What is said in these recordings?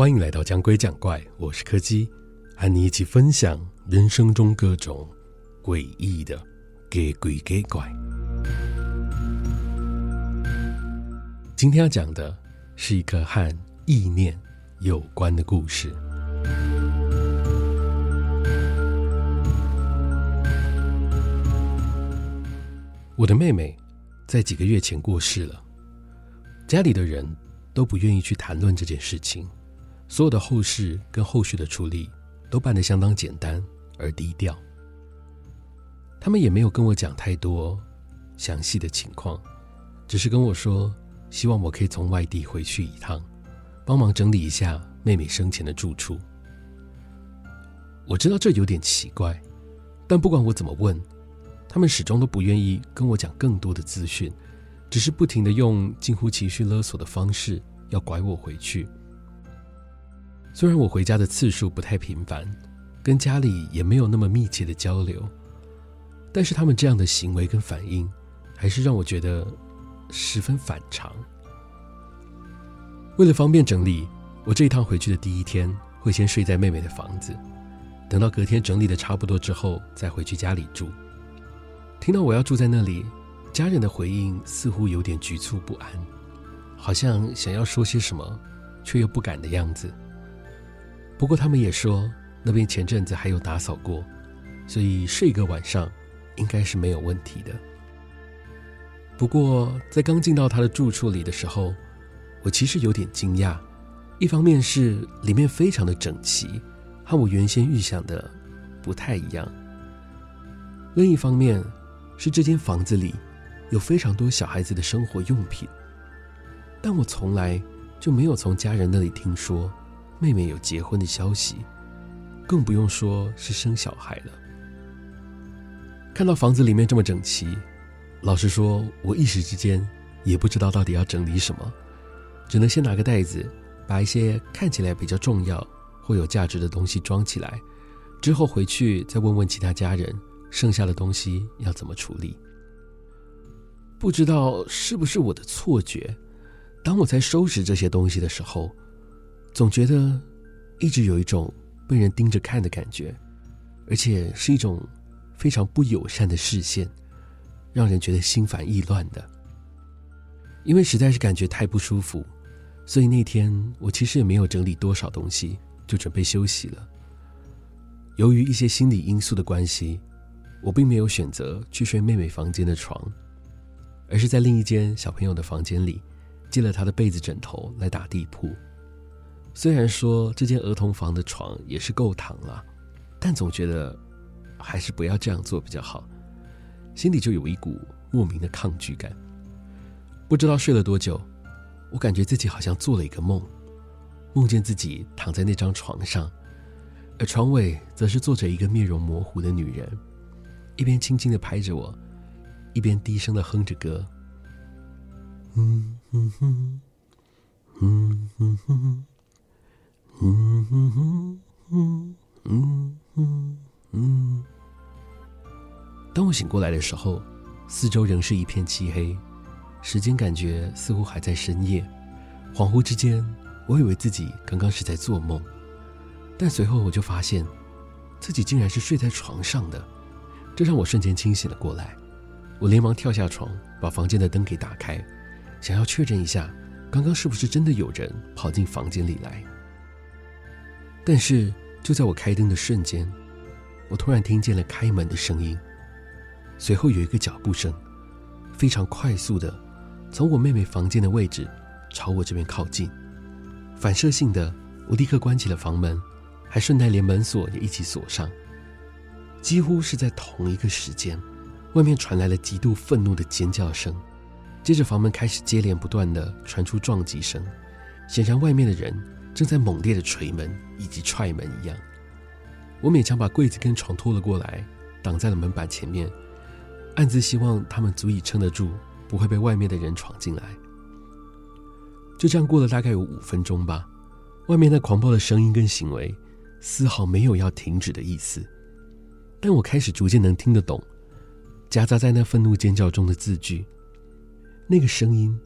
歡迎來到《講鬼講怪》，我是柯基，和你一起分享人生中各種詭異的給鬼給怪。今天要講的是一個和意念有關的故事。我的妹妹在幾個月前過世了，家裡的人都不願意去談論這件事情。所有的後事跟後續的處理都辦得相當簡單而低調，他們也沒有跟我講太多詳細的情況，只是跟我說希望我可以從外地回去一趟，幫忙整理一下妹妹生前的住處。我知道這有點奇怪，但不管我怎麼問，他們始終都不願意跟我講更多的資訊，只是不停地用近乎情緒勒索的方式要拐我回去。雖然我回家的次數不太頻繁，跟家裡也沒有那麼密切的交流，但是他們這樣的行為跟反應，還是讓我覺得十分反常。為了方便整理，我這一趟回去的第一天會先睡在妹妹的房子，等到隔天整理得差不多之後再回去家裡住。聽到我要住在那裡，家人的回應似乎有點局促不安，好像想要說些什麼，卻又不敢的樣子。不過他們也說，那邊前陣子還有打掃過，所以睡一個晚上應該是沒有問題的。不過在剛進到他的住處裡的時候，我其實有點驚訝，一方面是裡面非常的整齊，和我原先預想的不太一樣。另一方面是這間房子裡有非常多小孩子的生活用品，但我從來就沒有從家人那裡聽說。妹妹有結婚的消息，更不用說是生小孩了。看到房子裡面這麼整齊，老實說，我一時之間也不知道到底要整理什麼，只能先拿個袋子，把一些看起來比較重要或有價值的東西裝起來，之後回去再問問其他家人，剩下的東西要怎麼處理。不知道是不是我的錯覺，當我在收拾這些東西的時候，總覺得一直有一種被人盯着看的感覺，而且是一種非常不友善的視線，讓人覺得心煩意亂的。因為實在是感覺太不舒服，所以那天我其實也沒有整理多少東西，就準備休息了。由於一些心理因素的關係，我並沒有選擇去睡妹妹房間的床，而是在另一間小朋友的房間裡，借了他的被子、枕頭來打地鋪。雖然說這間兒童房的床也是夠躺了，但總覺得還是不要這樣做比較好，心裡就有一股莫名的抗拒感。不知道睡了多久，我感覺自己好像做了一個夢，夢見自己躺在那張床上，而床尾則是坐着一個面容模糊的女人，一邊輕輕地拍着我，一邊低聲地哼着歌。嗯哼、嗯、哼，嗯。醒過來的時候，四周仍是一片漆黑，時間感覺似乎還在深夜。恍惚之間，我以為自己剛剛是在做夢，但隨後我就發現，自己竟然是睡在床上的，這讓我瞬間清醒了過來。我連忙跳下床，把房間的燈給打開，想要確認一下，剛剛是不是真的有人跑進房間裡來。但是，就在我開燈的瞬間，我突然聽見了開門的聲音。隨後有一個腳步聲，非常快速的從我妹妹房間的位置朝我這邊靠近。反射性的，我立刻關起了房門，還順帶連門鎖也一起鎖上。幾乎是在同一個時間，外面傳來了極度憤怒的尖叫聲。接着，房門開始接連不斷的傳出撞擊聲，顯然外面的人正在猛烈的錘門以及踹門一樣。我勉強把櫃子跟床拖了過來，擋在了門板前面。暗自希望他們足以撐得住，不會被外面的人闖進來。就這樣過了大概有五分鐘吧，外面那狂暴的聲音跟行為絲毫沒有要停止的意思。但我開始逐漸能聽得懂，夾雜在那憤怒尖叫中的字句。那個聲音，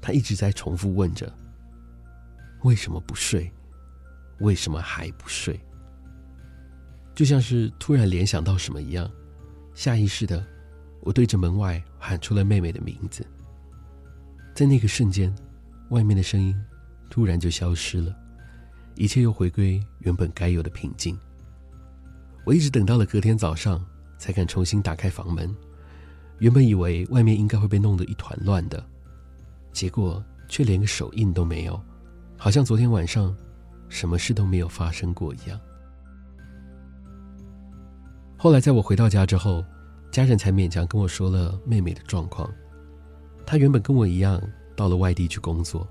他一直在重複問着：“為什麼不睡？為什麼還不睡？”就像是突然聯想到什麼一樣，下意識的。我對着門外喊出了妹妹的名字，在那個瞬間，外面的聲音突然就消失了，一切又回歸原本該有的平靜。我一直等到了隔天早上，才敢重新打開房門。原本以為外面應該會被弄得一團亂的，結果卻連個手印都沒有，好像昨天晚上什麼事都沒有發生過一樣。後來在我回到家之後。家人才勉強跟我說了妹妹的狀況。她原本跟我一樣到了外地去工作，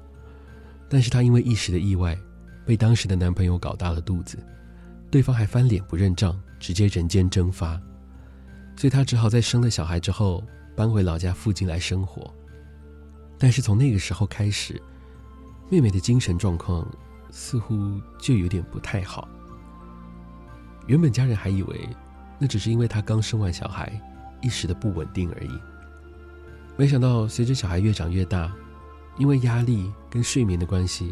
但是她因為一時的意外，被當時的男朋友搞大了肚子，對方還翻臉不認賬，直接人間蒸發，所以她只好在生了小孩之後搬回老家附近來生活。但是從那個時候開始，妹妹的精神狀況似乎就有點不太好。原本家人還以為那只是因為她剛生完小孩。一時的不穩定而已。沒想到，隨着小孩越長越大，因為壓力跟睡眠的關係，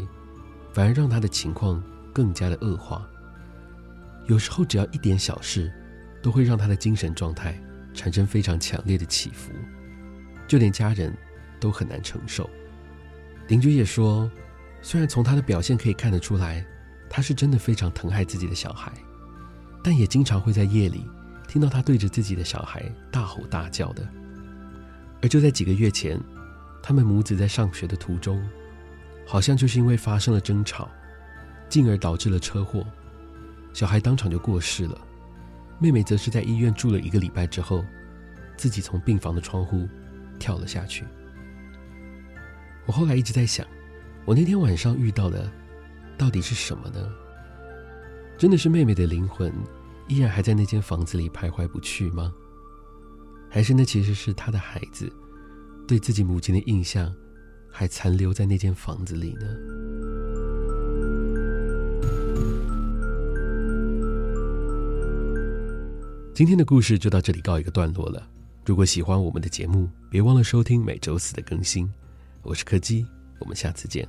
反而讓他的情況更加的惡化。有時候，只要一點小事，都會讓他的精神狀態產生非常強烈的起伏，就連家人都很難承受。鄰居也說，雖然從他的表現可以看得出來，他是真的非常疼愛自己的小孩，但也經常會在夜裡。聽到他對着自己的小孩大吼大叫的，而就在幾個月前，他們母子在上學的途中，好像就是因為發生了爭吵，進而導致了車禍，小孩當場就過世了，妹妹則是在醫院住了一個禮拜之後，自己從病房的窗戶跳了下去。我後來一直在想，我那天晚上遇到的到底是什麼呢？真的是妹妹的靈魂？依然還在那間房子裡徘徊不去嗎？還是那其實是他的孩子，對自己母親的印象還殘留在那間房子裡呢？今天的故事就到這裡告一個段落了。如果喜歡我們的節目，別忘了收聽每周四的更新。我是柯基，我們下次見。